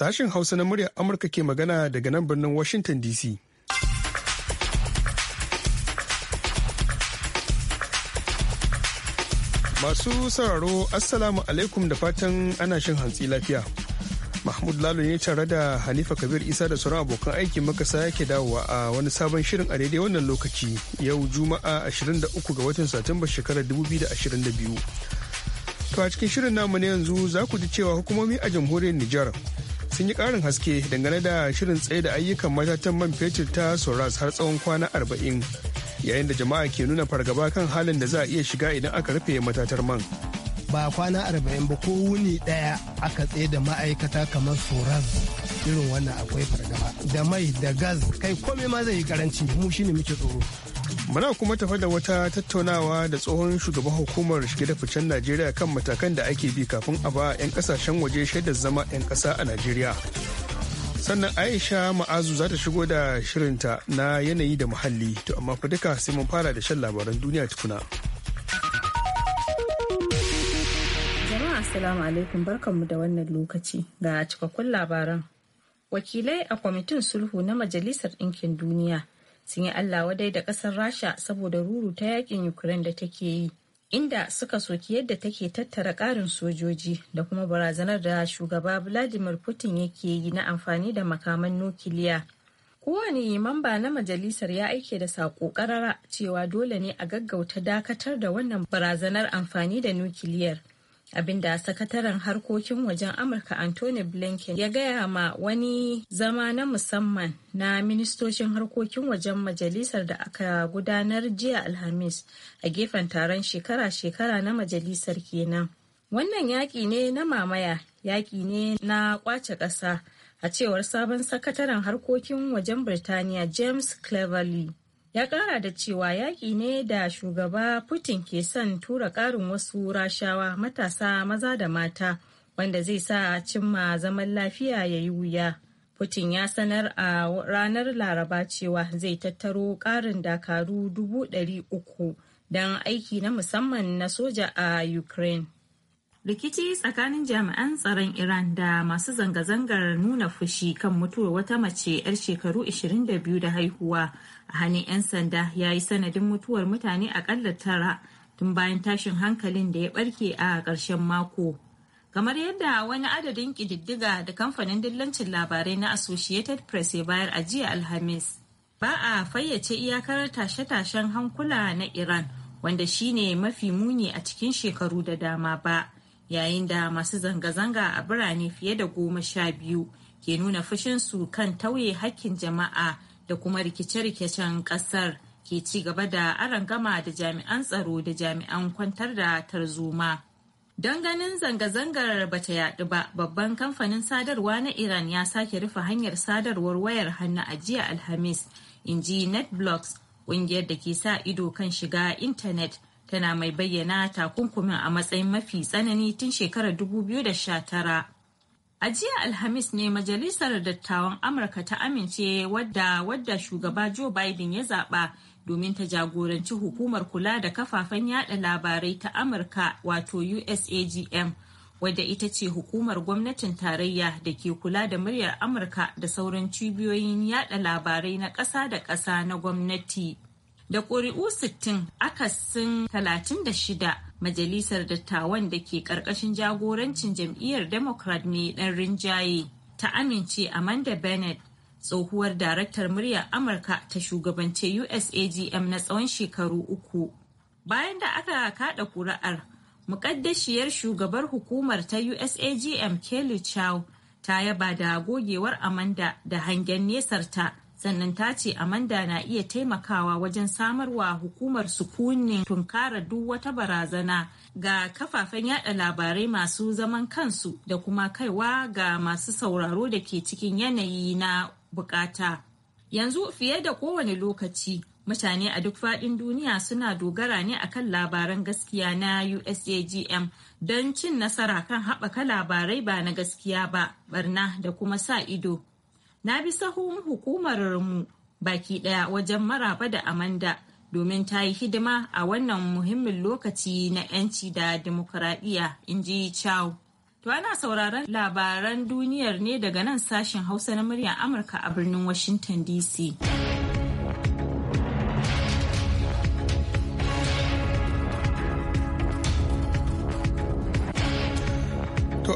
Sashen Hausa na muryar Amurka ke magana daga nan birnin Washington DC. Masu sauraro Assalamu alaikum da fatan ana shin hantsi lafiya. Mahmud Lalo ne tare da Hanifa Kabir Isa da sauran abokan aiki makasa yake dawowa a wani sabon shirin a daidai wannan lokaci yau Juma'a 23 ga watan Satumba shekarar 2022. To a cikin shirin namu na yanzu za ku ji cewa hukumomi a jamhuriyar Nijar sun yi ƙarin haske dangane da shirin tsaye da ayyukan matatan man fetur ta soras har tsawon kwana arba'in yayin da jama'a ke nuna fargaba kan halin da za a iya shiga idan aka rufe matatar man. ba kwana arba'in ba ko wuni daya aka tsaye da ma'aikata kamar soras irin wannan akwai fargaba da mai da gas kai komai ma zai yi karanci mu shine muke tsoro Muna kuma tafa da wata tattaunawa da tsohon shugaban hukumar shige da ficen Najeriya kan matakan da ake bi kafin a ba 'yan kasashen waje shaidar zama 'yan kasa a Najeriya. Sannan Aisha Ma'azu za ta shigo da shirinta na yanayi da muhalli, to amma fa duka sai mun fara da shan labaran duniya tukuna. Jama'a Assalamu alaikum barkanmu da wannan lokaci ga cikakkun labaran. Wakilai a kwamitin sulhu na Majalisar Ɗinkin Duniya sun yi Allah wadai da ƙasar Rasha saboda ruru ta yakin Ukraine da take yi, inda suka soki yadda take tattara ƙarin sojoji da kuma barazanar da shugaba Vladimir Putin yake yi na amfani da makaman nukiliya. Kowane mamba na majalisar ya aike da saƙo ƙarara cewa dole ne a gaggauta dakatar da wannan barazanar amfani da nukiliyar. abinda sakataren harkokin wajen amurka anthony blinken ya gaya ma wani zama na musamman na ministocin harkokin wajen majalisar da aka gudanar jiya alhamis a gefen taron shekara-shekara na majalisar kenan wannan yaƙi ne na mamaya yaƙi ne na ƙwace ƙasa a cewar sabon sakataren harkokin wajen birtaniya james cleverly ya kara da cewa yaƙi ne da shugaba putin ke son tura ƙarin wasu rashawa matasa maza da mata wanda zai sa cimma zaman lafiya ya yi wuya putin ya sanar a ranar laraba cewa zai tattaro ƙarin dakaru dubu uku don aiki na musamman na soja a ukraine rikici tsakanin jami'an tsaron iran da masu zanga-zangar nuna fushi kan mutuwar wata mace 'yar shekaru 22 da haihuwa a hannun 'yan sanda ya yi sanadin mutuwar mutane akalla tara tun bayan tashin hankalin da ya barke a ƙarshen mako. Kamar yadda wani adadin ƙididdiga da kamfanin dillancin labarai na Associated Press ya bayar a jiya Alhamis. Ba a fayyace iyakar tashe-tashen hankula na Iran wanda shine mafi muni a cikin shekaru da dama ba, yayin da masu zanga-zanga a birane fiye da goma sha biyu ke nuna fushinsu kan tauye hakkin jama'a da kuma rikice-rikicen kasar ke ci gaba da gama da jami'an tsaro da jami'an kwantar da tarzoma. Don ganin zanga-zangar bata yaɗu ba, babban kamfanin sadarwa na Iran ya sake rufe hanyar sadarwar wayar hannu a jiya Alhamis, in ji NetBlocks, ƙungiyar da ke sa ido kan shiga intanet tana mai bayyana takunkumin a matsayin mafi tsanani tun shekarar 2019. A jiya Alhamis ne Majalisar Dattawan Amurka ta amince wadda wadda shugaba Joe Biden ya zaɓa domin ta jagoranci hukumar kula da kafafen yada labarai ta Amurka wato USAGM wadda ita ce hukumar gwamnatin tarayya da ke kula da muryar Amurka da sauran cibiyoyin yada labarai na ƙasa da ƙasa na gwamnati. Da ƙuri'u 60 akasin 36 majalisar dattawan da ke ƙarƙashin jagorancin jam'iyyar democrat ne ɗan rinjaye ta amince amanda bennett tsohuwar daraktar muryar amurka ta shugabance usagm na tsawon shekaru uku bayan da aka kada kuri'ar mukaddashiyar shugabar hukumar ta usagm kelly chow ta yaba da gogewar amanda da hangen nesarta sannan ta ce amanda na iya taimakawa wajen samarwa hukumar sukunin tunkarar duk wata barazana ga kafafen yada labarai masu zaman kansu da kuma kaiwa ga masu sauraro da ke cikin yanayi na bukata yanzu fiye da kowane lokaci mutane a duk faɗin duniya suna dogara ne a kan labaran gaskiya na usagm don cin nasara kan haɓaka labarai ba na gaskiya ba barna da kuma sa ido na bi sahun hukumar mu baki daya wajen maraba da amanda domin ta yi hidima a wannan muhimmin lokaci na 'yanci da demokuraɗiyya in ji Chow. To ana sauraron labaran duniyar ne daga nan sashen Hausa na murya Amurka a birnin Washington DC.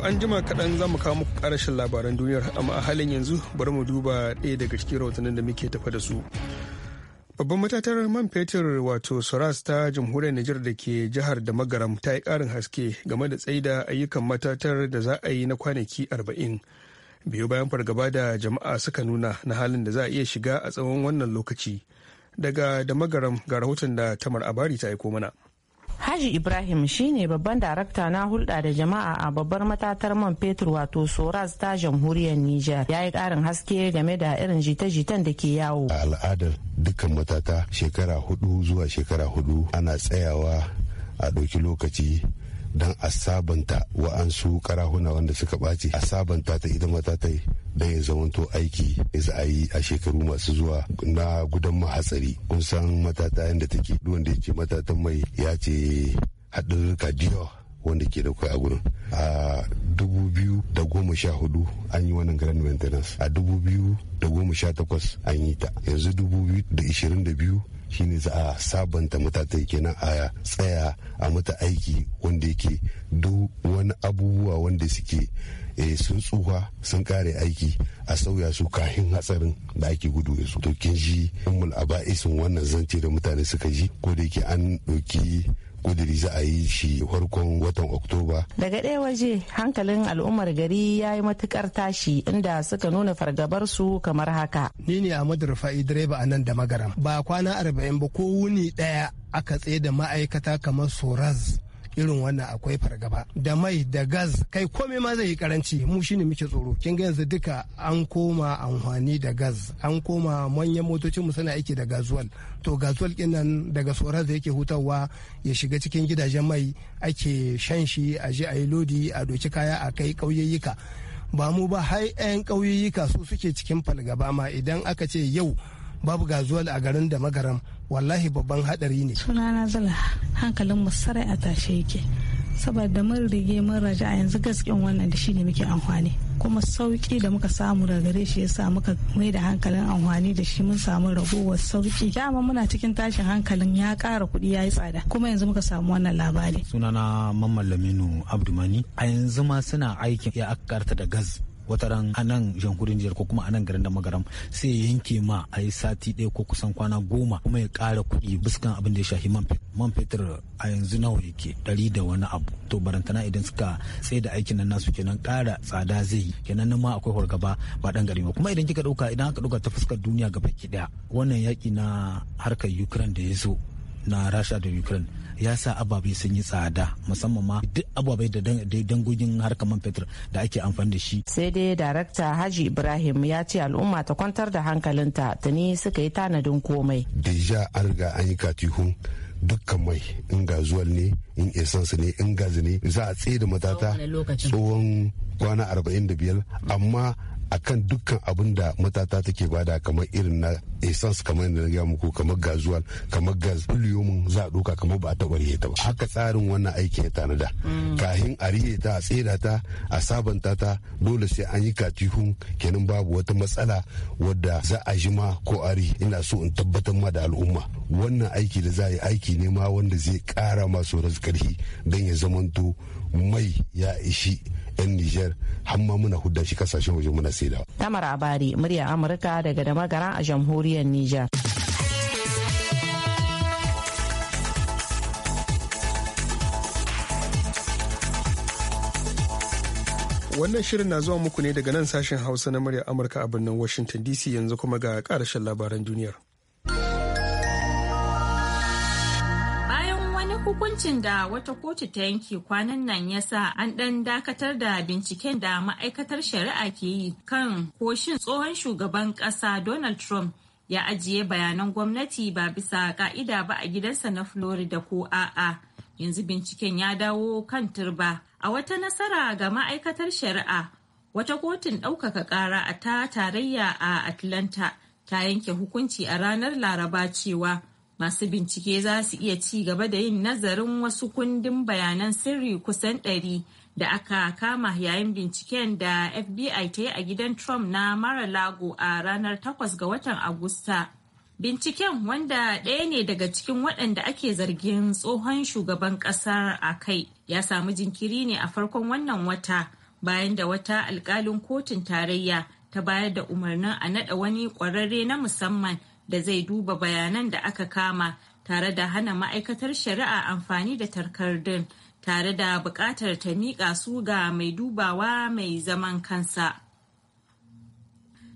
an jima kaɗan za mu kawo muku ƙarashin labaran duniyar amma a halin yanzu bari mu duba ɗaya daga cikin rahotannin da muke tafa da su. Babban matatar man fetur wato saras ta jamhuriyar Nijar da ke jihar da magaram ta yi karin haske game da tsaida ayyukan matatar da za a yi na kwanaki arba'in. Biyu bayan fargaba da jama'a suka nuna na halin da za a iya shiga a tsawon wannan lokaci. Daga da magaram ga rahoton da Tamar Abari ta aiko mana. Haji Ibrahim shine babban darakta na hulɗa da jama'a a babbar matatar man fetur wato Soras ta jamhuriyar Nijar. Ya yi ƙarin haske game da irin jita-jitan da ke yawo. A al'adar dukkan matata shekara hudu zuwa shekara hudu ana tsayawa a ɗauki lokaci don a sabanta wa'ansu karahuna wanda suka ɓaci a sabanta ta ita mata ta yi don ya zamanto aiki za a yi a shekaru masu zuwa na gudan mahatsari kun san matata yadda take wanda yake matatan mai ya ce haɗarurruka da wanda ke da kai a gurin a dubu biyu da goma sha hudu an yi wannan grand maintenance a dubu biyu da goma sha takwas an yi ta yanzu dubu biyu da ishirin da biyu shine za a sabanta matatai kenan a tsaya a mata aiki wanda yake duk wani abubuwa wanda suke e, sun tsuwa sun kare aiki a sauya su kahin hatsarin da ake gudu da su to kin ji ummul isin wannan zance da mutane suka ji ko da yake an ɗauki kudiri za a yi shi farkon watan oktoba daga ɗaya waje hankalin al'ummar gari ya yi matukar tashi inda suka nuna fargabar su kamar haka ni ne a rufa'i direba a nan da magaram ba kwana arba'in ba ko wuni ɗaya aka tsaye da ma'aikata kamar soraz irin wannan akwai fargaba da mai da gas kai komai ma zai yi karanci mu shine muke tsoro kin ga yanzu duka an koma amfani da gas an koma manyan motocin mu suna aiki da gazuwal to gasuwal din nan daga tsoron da yake hutawa ya shiga cikin gidajen mai ake shan shi a je a yi lodi a doki kaya a kai kauyayyuka ba mu ba har 'yan kauyeyyuka su suke cikin fargaba ma idan aka ce yau babu gazuwal a garin da magaram wallahi babban hadari ne sunana zala hankalin mu sarai a tashe yake saboda mun rige mun raja a yanzu gasken wannan da shine muke amfani kuma sauki da muka samu daga gare shi yasa muka mai da hankalin amfani da shi mun samu ragowar sauki dama muna cikin tashin hankalin ya ƙara kuɗi ya yi tsada kuma yanzu muka samu wannan labari sunana mamman laminu abdumani a yanzu ma suna aikin ya akarta da gas ran a nan jamhuriyar Nijar ko kuma a nan garin da magaram sai ya yanke ma a yi sati ɗaya ko kusan kwana goma kuma ya kara kuɗi buskan abin da ya shafi man fetur a yanzu nawa yake ɗari da wani abu to barantana idan suka tsaye da aikin nan nasu kenan ƙara tsada zai yi kenan nan ma akwai fargaba ba ɗan gari ba kuma idan kika ɗauka idan aka ɗauka ta fuskar duniya gaba ki ɗaya wannan yaƙi na harkar ukraine da ya zo na rasha da ukraine ya sa ababe sun yi tsada musamman ma duk ababe da dangogin harkar man fetur da ake amfani da shi. Sai dai darakta Haji Ibrahim ya ce al'umma ta kwantar da hankalinta tuni suka yi tanadin komai. Deja an riga an yi katihun dukkan mai in gazuwal ne in su ne in gazi ne za a tsaye da matata tsohon kwana 45 amma akan dukkan abin da matata take bada kamar irin na essence kamar da na gaya muku kamar gazuwal kamar gas fuliyomin za a doka kamar ba a taɓa rihe ta ba haka tsarin wannan aiki ya tanada mm. kahin a riye ta a tsera ta a sabanta ta dole sai an yi katihun kenan babu wata matsala wadda za a ma ko ari ina so in tabbatar ma da al'umma wannan aiki da za a yi aiki ne ma wanda zai kara masu karfi don ya zamanto mai ya ishi 'yan Nijar har ma muna hudda shi kasashen waje muna saidawa. Tamar Abari, murya Amurka daga da magara a jamhuriyar Nijar. Wannan shirin na zuwa muku ne daga nan sashen Hausa na murya Amurka a birnin Washington DC yanzu kuma ga ƙarashen labaran duniyar. hukuncin da wata kotu ta yanke kwanan nan ya sa an ɗan dakatar da binciken da ma'aikatar shari'a ke yi kan koshin tsohon shugaban ƙasa Donald Trump ya ajiye bayanan gwamnati ba bisa ka'ida ba a gidansa na Florida ko a'a. Yanzu binciken ya dawo kan turba. A wata nasara ga ma'aikatar shari'a, wata kotun ɗaukaka ƙara a ta tarayya a Atlanta ta yanke hukunci a ranar Laraba cewa Masu bincike za su iya ci gaba da yin nazarin wasu kundin bayanan sirri kusan ɗari da aka kama yayin binciken da FBI ta yi a gidan Trump na mara lago a ranar 8 ga watan Agusta. Binciken wanda ɗaya ne daga cikin waɗanda ake zargin tsohon shugaban ƙasar a kai ya samu jinkiri ne a farkon wannan wata bayan da wata alƙalin kotun tarayya ta bayar da umarnin a naɗa wani ƙwararre na musamman da zai duba bayanan da aka kama tare da hana ma'aikatar shari'a amfani da takardun tare da buƙatar ta miƙa su ga mai dubawa mai zaman kansa.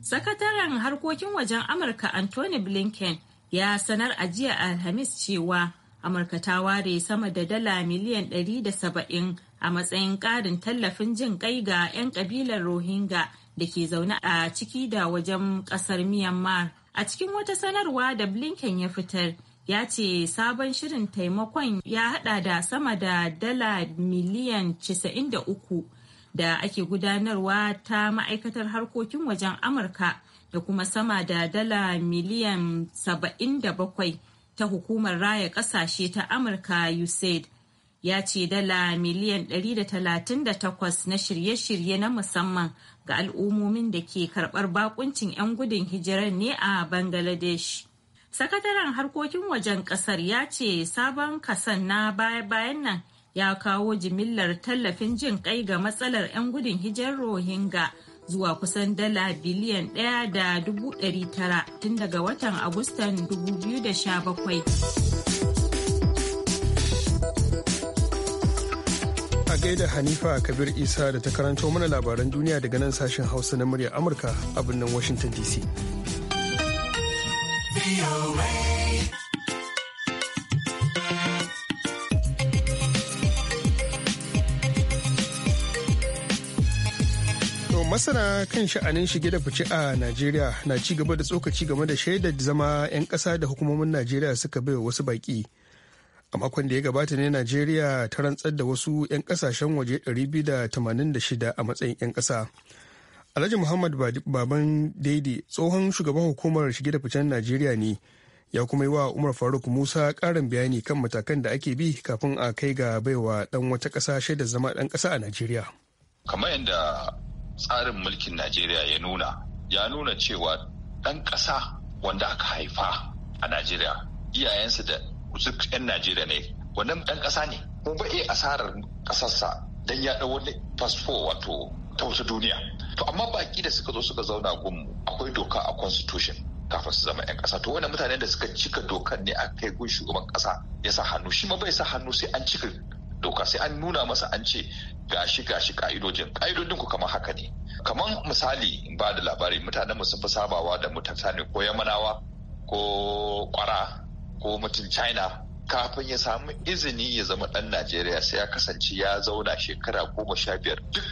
Sakataren harkokin wajen Amurka Anthony Blinken ya sanar a jiya Alhamis cewa Amurka ta ware sama da dala miliyan 170 a matsayin ƙarin tallafin jin ƙai ga 'yan ƙabilar Rohingya da ke zaune a ciki da wajen ƙasar Myanmar. A cikin wata sanarwa da Blinken ya fitar, ya ce sabon shirin taimakon ya hada da sama da dala miliyan 93 da ake gudanarwa ta ma'aikatar harkokin wajen Amurka da kuma sama da dala miliyan 77 ta hukumar raya kasashe ta Amurka USAID. ya ce dala miliyan 138 na shirye-shirye na musamman ga al'ummomin da ke karɓar bakuncin 'yan gudun hijirar ne a Bangladesh. Sakataren harkokin wajen ƙasar ya ce sabon kasan na baya-bayan nan ya kawo jimillar tallafin jin kai ga matsalar 'yan gudun hijirar Rohingya zuwa kusan dala biliyan ɗaya da dubu tara tun daga watan Agustan 2017. da Hanifa Kabir Isa da ta karanto mana labaran duniya daga nan sashen Hausa na murya Amurka a birnin Washington DC. masana kan sha'anin shige da fice a najeriya na ci gaba da tsokaci game da shaidar zama 'yan ƙasa da hukumomin najeriya suka baiwa wasu baki. a makon da ya gabata ne najeriya ta rantsar da wasu 'yan kasashen waje 286 a matsayin 'yan kasa alhaji muhammad baban daidai tsohon shugaban hukumar shige da ficen najeriya ne ya kuma yi wa umar faruk musa karin bayani kan matakan da ake bi kafin a kai ga baiwa dan wata kasa shaida zama dan kasa a najeriya kamar yadda tsarin mulkin najeriya ya nuna ya nuna cewa dan kasa wanda aka haifa a najeriya iyayensa da duk 'yan najeriya ne wannan ɗan ƙasa ne ko ba iya asarar ƙasarsa don ya ɗau wani fasfo wato ta wata duniya to amma baƙi da suka zo suka zauna gunmu akwai doka a constitution kafin su zama 'yan ƙasa to wannan mutane da suka cika dokar ne a kai gun shugaban ƙasa ya sa hannu shi ma bai sa hannu sai an cika doka sai an nuna masa an ce gashi gashi ka'idojin ka'idojin ku kamar haka ne kamar misali ba da labari mutanen mu sun fi sabawa da mutane ko yamanawa ko kwara ko mutum china kafin ya samu izini ya zama ɗan najeriya sai ya kasance ya zauna shekara goma sha biyar duk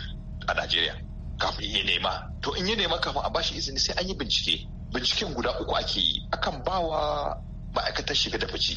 a najeriya kafin ya nema to in ya nema kafin a bashi izini sai an yi bincike binciken guda uku ake yi akan bawa ma'aikatar shiga da fice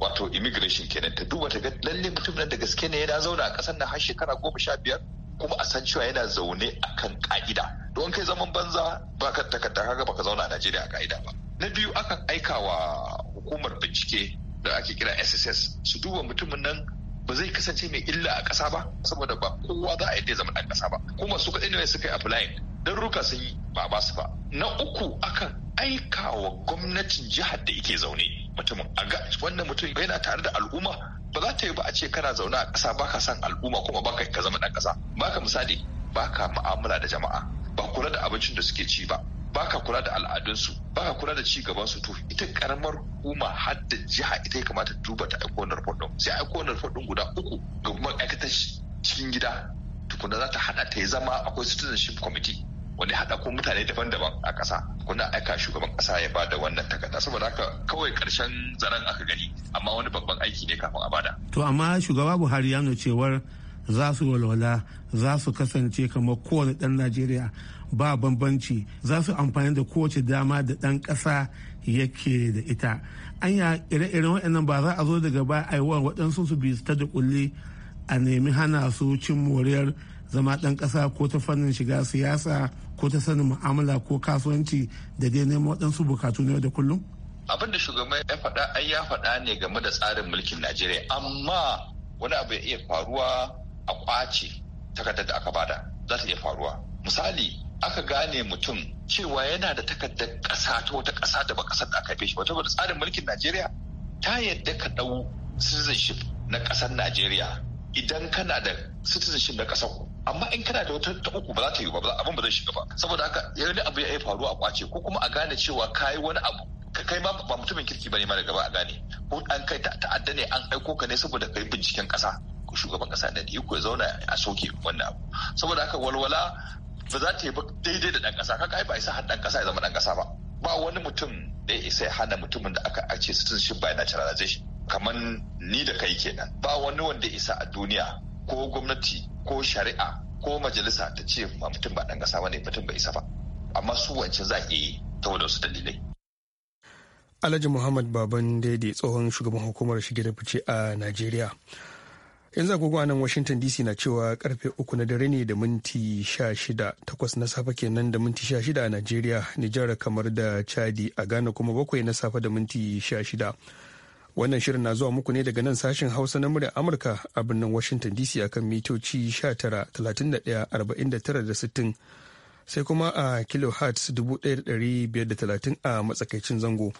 wato immigration kenan ta duba ta ga lalle mutum nan da gaske ne yana zauna a ƙasar nan har shekara goma sha biyar kuma a san cewa yana zaune a akan ka'ida don kai zaman banza ba ka takarda kaga ka zauna a Najeriya a ka'ida ba na biyu akan aika wa hukumar bincike da ake kira sss su duba mutumin nan ba zai kasance mai illa a ƙasa ba saboda ba kowa za a yadda zama ɗan ƙasa ba kuma su kaɗai ne suka yi applying dan ruka sun yi ba ba su ba na uku akan aika wa gwamnatin jihar da yake zaune mutumin a ga wannan mutum yana tare da al'umma ba za ta yi ba a ce kana zaune a ƙasa baka san al'umma kuma baka ka zama ɗan ƙasa baka misali baka mu'amala da jama'a ba kula da abincin da suke ci ba baka kula da al'adunsu baka kula da gaban su to ita karamar hukuma har da jiha ita ya kamata duba ta aiko wannan report din sai aiko wannan report din guda uku ga kuma ma'aikatar cikin gida tukuna za ta hada ta ya zama akwai citizenship committee wani haɗa ko mutane daban-daban a ƙasa kuna aika shugaban ƙasa ya bada wannan takarda saboda haka kawai ƙarshen zaren aka gani amma wani babban aiki ne kafin a bada. to amma shugaba buhari ya nuna cewar za su walwala za su kasance kamar kowane ɗan najeriya ba bambanci za su amfani da kowace dama da ɗan ƙasa yake da ita anya ire-iren waɗannan ba za a zo daga ba a yi wa waɗansu su bi ta da kulli a nemi hana su cin moriyar zama ɗan ƙasa ko ta fannin shiga siyasa ko ta sanin mu'amala ko kasuwanci da dai neman waɗansu bukatu na da kullum? abin da shugaban ya faɗa ai ya faɗa ne game da tsarin mulkin najeriya amma wani abu ya iya faruwa a kwace takardar da aka bada za ta iya faruwa misali aka gane mutum cewa yana da takardar ƙasa ta wata ƙasa da ba ƙasar da aka shi wata tsarin mulkin Najeriya ta yadda ka ɗau citizenship na ƙasar Najeriya idan kana da citizenship na ƙasar ku amma in kana da wata ta uku ba za ta yi ba abin ba zai shiga ba saboda haka yadda abu ya iya faruwa a kwace ko kuma a gane cewa yi wani abu kai ma ba mutumin kirki ba ne ma daga ba a gane ko an kai ta'adda ne an aiko ka ne saboda kai binciken ƙasa shugaban kasa da ni ya zauna a soke wannan abu saboda haka walwala ba za ta yi ba daidai da dan kasa kaga ba isa har dan kasa ya zama dan kasa ba ba wani mutum da ya isa hana mutumin da aka ace citizenship by naturalization kamar ni da kai kenan ba wani wanda ya isa a duniya ko gwamnati ko shari'a ko majalisa ta ce ma mutum ba dan kasa bane mutum ba isa ba amma su wancan za a yi ta wadansu dalilai Alhaji Muhammad Baban Daidai tsohon shugaban hukumar shige da fice a Najeriya. yanzu agogo a nan washington dc na cewa karfe uku na dare ne da minti sha shida takwas na safe kenan da minti sha shida a nigeria nijar kamar da chadi a ghana kuma bakwai na safe da minti sha shida wannan shirin na zuwa muku ne daga nan sashen hausa na murya amurka a birnin washington dc akan mitoci 19,31,49,60 sai kuma a kilohertz 1530 a matsakaicin zango.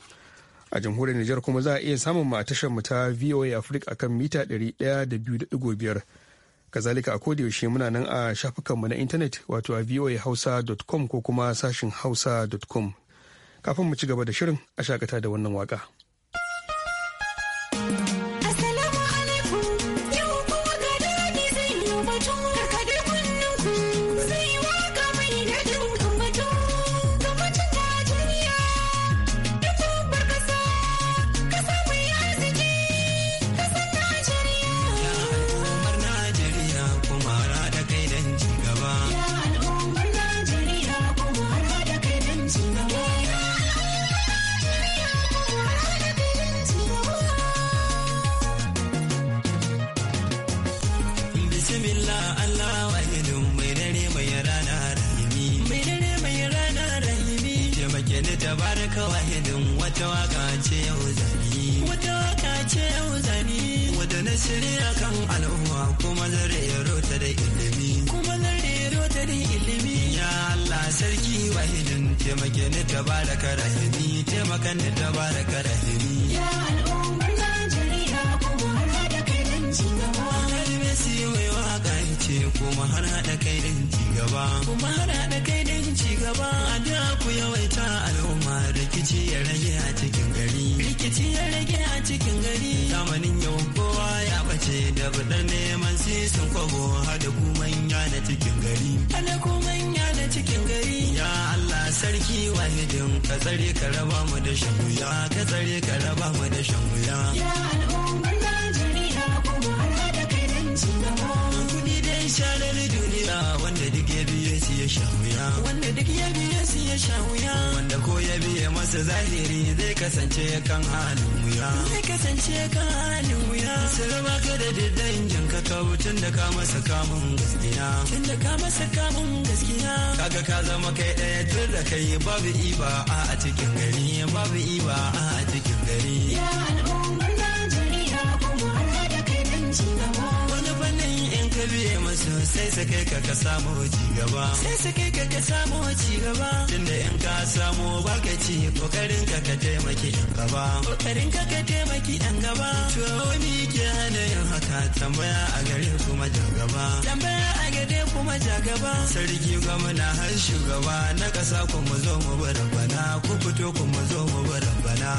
a jamhuriyar Nijar kuma za a iya samun mu a tashar mu ta VOA Africa akan mita 102.5 kazalika a yaushe muna nan a shafukanmu na intanet wato a voahausa.com ko kuma sashin hausa.com kafin mu ci gaba da shirin a shakata da wannan waka. kuma har haɗa kai don ci gaba kuma har haɗa kai don ci gaba a da ku yawaita al'umma rikici ya rage a cikin gari rikici ya rage a cikin gari zamanin yau kowa ya bace da budar neman sisin kwago hada ku manya na cikin gari hada ku manya na cikin gari ya Allah sarki wahidin ka tsare ka raba mu da shan wuya ka tsare ka raba mu da shan wuya ya shanar duniya wanda duk ya biye su ya sha wuya wanda duk ya biye su ya sha wuya wanda ko ya biye masa zahiri zai kasance kan halin wuya zai kasance kan halin wuya su raba ka da dangin ka kawo tun da ka masa kamun gaskiya tun da ka masa kamun gaskiya kaga ka zama kai ɗaya tun da kai babu iba a cikin gari babu iba a cikin ka biye musu sai su ka ka samu ci gaba sai sake ka ka samu ci gaba tunda in ka samu ba ka ci kokarin ka ka taimaki yan gaba kokarin ka ka taimaki yan gaba to ni ke hana yin haka tambaya a gare kuma jan gaba tambaya a gare kuma jan gaba sarki gwamna har shugaba na kasa kuma zo mu bar bana ku fito kuma zo mu bar bana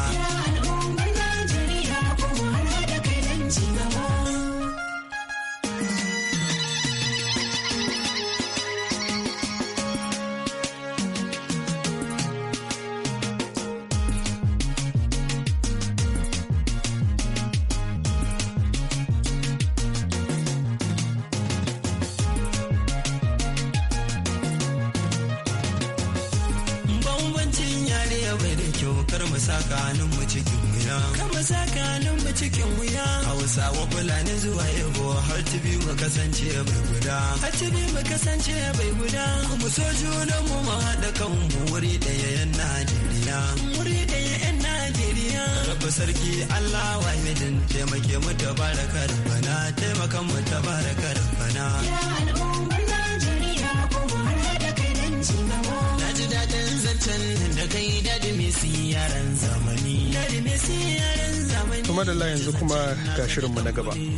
da da kyau kar mu saka hannun mu cikin wuya kar mu saka hannun mu cikin wuya Hausa wa fulani zuwa yabo har ta bi mu kasance bai guda har ta bi mu kasance bai guda mu so junan mu mu haɗa kan mu wuri ɗaya yan Najeriya wuri ɗaya yan Najeriya rabu sarki Allah wa yadin taimake mu da bana taimaka mu tabaraka bana ya al'umma zancen da kai dadimisi yaran zamani. Dadimisi yaran zamani. Kuma da yanzu kuma ga shirinmu na gaba. Yanayi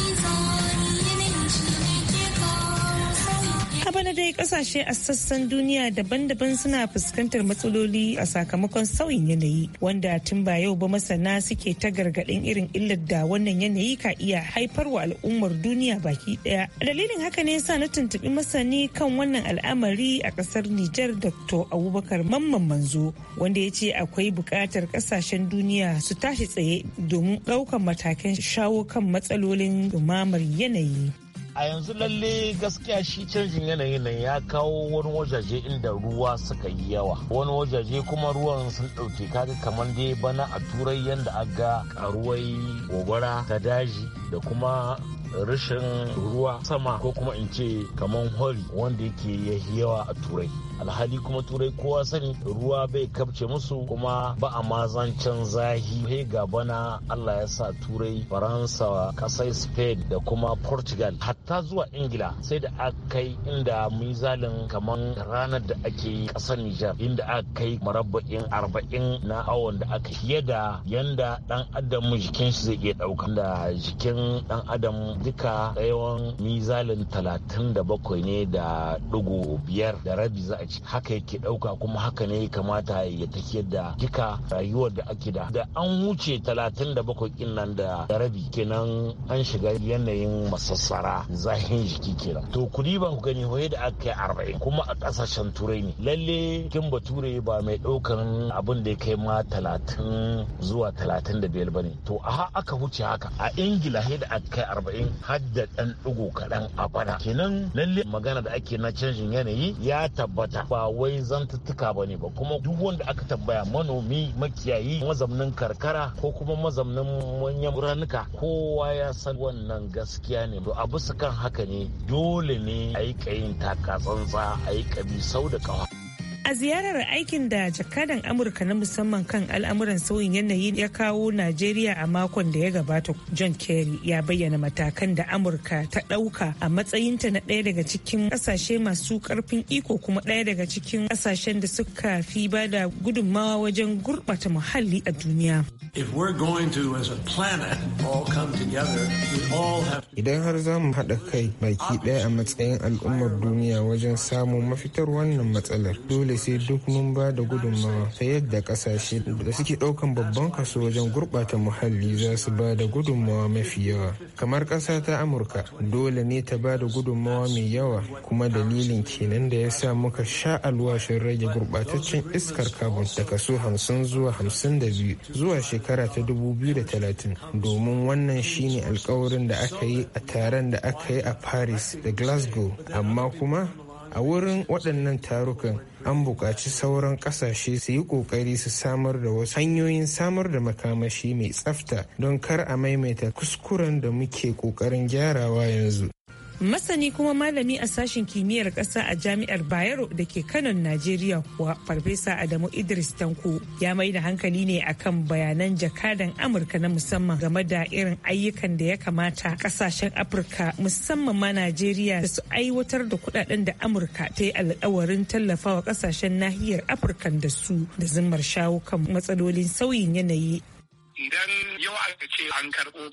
wani dai kasashe a sassan duniya daban-daban suna fuskantar matsaloli a sakamakon sauyin yanayi wanda tun ba yau ba masana suke ta gargaɗin irin illar da wannan yanayi ka iya haifarwa al'ummar duniya baki ɗaya. Dalilin haka ne sa na tuntuɓi masani kan wannan al'amari a ƙasar Nijar Dr. Abubakar Mamman Manzo wanda ya ce akwai buƙatar ƙasashen duniya su tashi tsaye domin ɗaukar matakan shawo kan matsalolin dumamar yanayi. a yanzu lalle gaskiya shi canjin yanayin nan ya kawo wani wajaje inda ruwa suka yi yawa wani wajaje kuma ruwan sun ɗauke kaga kamar dai bana a turai yadda aga karuwai gobara ta daji da kuma rashin ruwa sama ko kuma in ce kaman hori wanda yake yawa a turai alhali kuma turai kowa sani ruwa bai kabce musu kuma ba a mazancan zahi he bana allah ya sa turai faransa kasai spain da kuma portugal hatta zuwa ingila sai da aka kai inda mizalin kaman ranar da ake kasar nijar inda aka kai marabba'in arba'in na awon da aka fiye da yanda dan adam jikin shi zai iya dauka da jikin dan adam duka yawan mizalin talatin da bakwai ne da dugu biyar da rabi za a ci haka yake ɗauka kuma haka ne kamata ya tafiyar da duka rayuwar da ake da da an wuce talatin da bakwai nan da rabi kenan an shiga yanayin masassara zahin jiki kenan to kudi ba ku gani hoye da aka yi arba'in kuma a ƙasashen turai ne lalle kin bature ba mai ɗaukan abin da ya kai ma talatin zuwa talatin biyar ba ne to a aka wuce haka a ingila hoye da aka kai arba'in hadda har da ɗan ɗigo kaɗan a bana kenan lalle magana da ake na canjin yanayi ya tabbata ba wai zantuttuka ba ne ba kuma duk wanda aka tabbaya manomi makiyayi mazamnin karkara ko kuma mazamnin manyan ranuka kowa ya san wannan gaskiya ne to a bisa kan haka ne dole ne a yi kayin taka a yi kabi sau da ƙawa. A ziyarar aikin da jakadan Amurka na musamman kan al'amuran sauyin yanayi ya kawo Najeriya a makon da ya gabata John Kerry ya bayyana matakan da Amurka ta ɗauka a matsayinta na ɗaya daga cikin ƙasashe masu ƙarfin iko kuma ɗaya daga cikin ƙasashen da suka fi ba da gudunmawa wajen gurɓata muhalli a duniya. Idan har za mu haɗa kai baki ɗaya a matsayin al'ummar duniya wajen samun mafitar wannan matsalar dole dole sai duk mun ba da gudunmawa ta yadda kasashe da suke daukan babban kaso wajen gurbata muhalli za su ba da gudunmawa mafi yawa kamar kasa ta amurka dole ne ta ba da gudunmawa mai yawa kuma dalilin kenan da ya sa muka sha alwashin rage gurbataccen iskar carbon da kaso hamsin zuwa biyu zuwa shekara ta 2030 domin wannan shine alkawarin da aka yi a taron da aka yi a paris da glasgow amma kuma a wurin waɗannan tarukan an buƙaci sauran ƙasashe su yi ƙoƙari su samar da wasu hanyoyin samar da makamashi mai tsafta don kar a maimaita kuskuren da muke ƙoƙarin gyarawa yanzu masani kuma malami a sashen kimiyyar ƙasa a jami'ar bayero da ke kanon najeriya kuwa farfesa adamu idris tanko ya mai da hankali ne akan bayanan jakadan amurka na musamman game da irin ayyukan da ya kamata ƙasashen afirka musamman ma najeriya da su aiwatar da kuɗaɗen da amurka ta yi alkawarin wa ƙasashen nahiyar afirka da su da zimmar shawo kan matsalolin sauyin yanayi idan yau aka ce an karɓo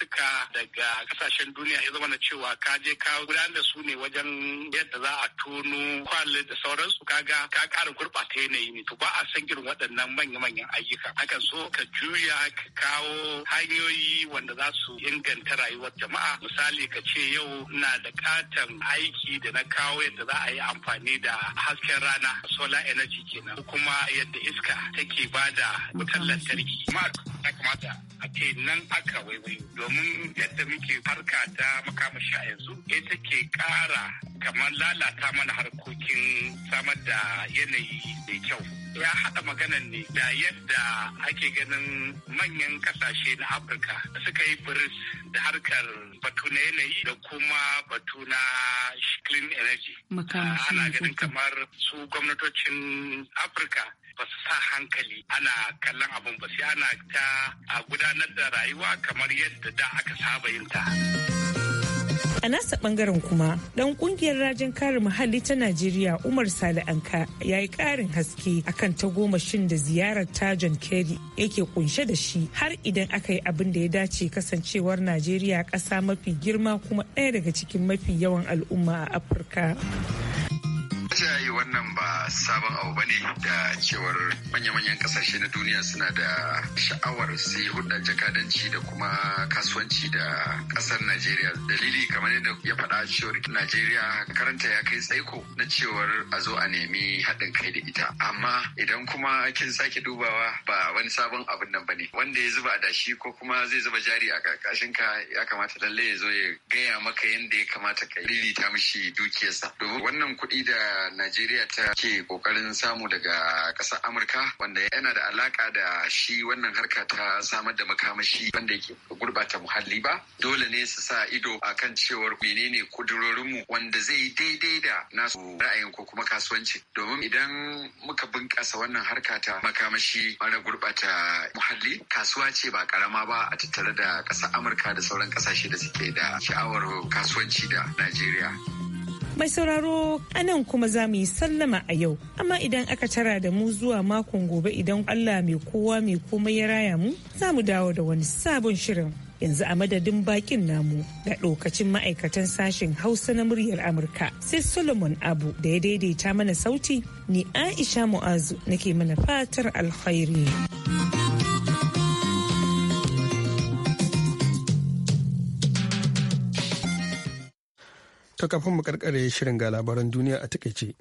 suka daga kasashen duniya ya zama na cewa ka je ka gudanar da su ne wajen yadda za a tono kwale da sauransu ka ga ka ƙara gurɓata yanayi ne to ba a san irin waɗannan manya-manyan ayyuka akan so ka juya ka kawo hanyoyi wanda za su inganta rayuwar jama'a misali ka ce yau na da katon aiki da na kawo yadda za a yi amfani da hasken rana solar energy kenan kuma yadda iska take bada wutar lantarki kuma ya kamata ake nan aka waiwayo domin yadda muke harka ta makamashi a yanzu ya take kara kamar lalata mana harkokin samar da yanayi mai kyau ya haɗa maganan ne da yadda ake ganin manyan ƙasashe na Afirka suka yi biris da harkar batu na yanayi da kuma batu na clean energy. Ah, ana ganin kamar su gwamnatocin Afirka ba su sa hankali ana kallon abin ba sai ana ta gudanar da rayuwa kamar yadda da aka saba yin ta. a nasa bangaren kuma dan kungiyar rajin kare muhalli ta najeriya umar sale anka ya yi karin haske akan tagomashin da ziyarar ta john kerry yake kunshe da shi har idan aka yi abin da ya dace kasancewar najeriya kasa mafi girma kuma ɗaya daga cikin mafi yawan al'umma a afirka ta wannan ba sabon abu ba ne da cewar manya-manyan kasashe na duniya suna da sha'awar su hudda jakadanci da kuma kasuwanci da kasar Najeriya. Dalili kamar yadda ya faɗa cewar Najeriya karanta ya kai tsaiko na cewar a zo a nemi haɗin kai da ita. Amma idan kuma kin sake dubawa ba wani sabon abin nan ba ne. Wanda ya zuba adashi ko kuma zai zuba jari a ƙarƙashin ka ya kamata lalle ya zo ya gaya maka yadda ya kamata ka ta mishi dukiyarsa. Domin wannan kuɗi da Najeriya ta ke kokarin samu daga ƙasar Amurka wanda yana da alaka da shi wannan harka ta samar da makamashi wanda ke gurbata muhalli ba dole ne su sa ido a kan cewar menene kudurorinmu wanda zai yi daidai da nasu ra'ayin ko kuma kasuwanci domin idan muka bunƙasa wannan harka ta makamashi mara gurbata muhalli kasuwa ce ba karama ba a tattare da ƙasar Amurka da sauran ƙasashe da suke da sha'awar kasuwanci da Najeriya. Mai sauraro anan kuma za mu yi sallama a yau, amma idan aka tara da mu zuwa makon gobe idan Allah mai kowa mai komai ya raya mu, za mu dawo da wani sabon shirin. yanzu a madadin bakin namu da ɗokacin ma'aikatan sashen hausa na muryar amurka sai solomon abu da ya daidaita mana sauti ni aisha mu'azu nake mana fatar alkhairi. ta kafin mu karkare shirin ga labaran duniya a takaice.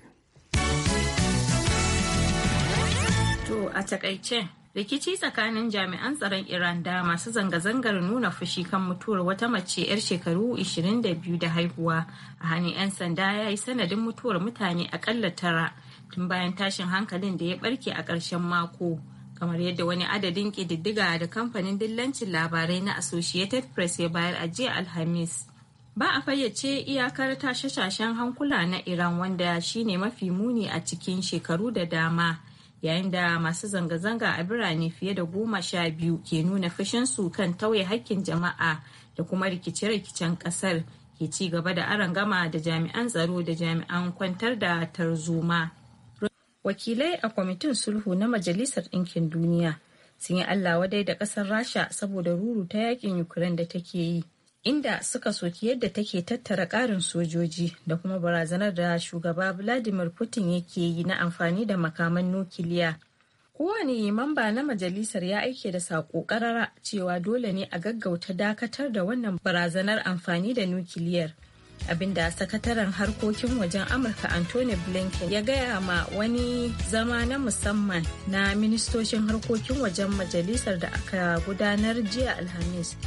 To a takaice rikici tsakanin jami'an tsaron Iran da masu zanga-zangar nuna fushi kan mutuwar wata mace 'yar shekaru 22 da haihuwa a hannun 'yan sanda ya yi sanadin mutuwar mutane akalla tara tun bayan tashin hankalin da ya barke a ƙarshen mako. kamar yadda wani adadin ƙididdiga da kamfanin dillancin labarai na associated press ya bayar a jiya alhamis ba a fayyace iyakar tashe-tashen hankula na iran wanda shine mafi muni a cikin shekaru da dama yayin da masu zanga-zanga a birane fiye da goma sha biyu ke nuna fushinsu kan tauye hakkin jama'a da kuma rikice-rikicen kasar ke ci gaba da gama da jami'an tsaro da jami'an kwantar da tarzoma wakilai a kwamitin sulhu na majalisar ɗinkin duniya sun yi allah wadai da ƙasar rasha saboda ruru ta yakin ukraine da take yi inda suka soki yadda take tattara ƙarin sojoji da kuma barazanar da shugaba vladimir putin yake yi na amfani da makaman nukiliya kowane mamba na majalisar ya aike da sako karara cewa dole ne a gaggauta dakatar da wannan barazanar amfani da nukiliyar abinda sakataren harkokin wajen amurka anthony blinken ya gaya ma wani zama na musamman na ministocin harkokin wajen majalisar da aka gudanar jiya alhamis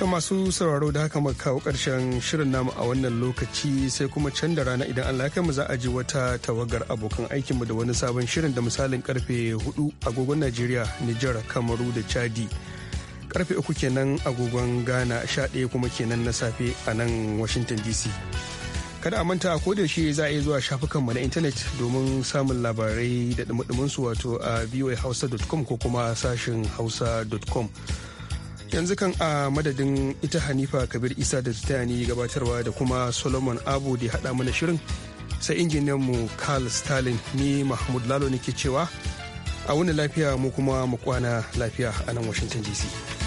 To masu sauraro da haka muka kawo ƙarshen shirin namu a wannan lokaci sai kuma can da rana idan Allah kai mu za a ji wata tawagar abokan aikinmu da wani sabon shirin da misalin karfe 4 agogon Najeriya, Nijar, Kamaru da Chadi. Karfe 3 kenan agogon Ghana 11 kuma kenan na safe a nan Washington DC. kada a manta ko da shi za a iya zuwa shafukanmu na intanet domin samun labarai da dumudumin su wato a voahausa.com ko kuma sashin hausa.com yanzu kan a madadin ita hanifa kabir isa da ta gabatarwa da kuma solomon abu da hada mana shirin sai mu carl stalin ni mahmud lalo nake cewa a wani lafiya mu kuma mu kwana lafiya a nan washington dc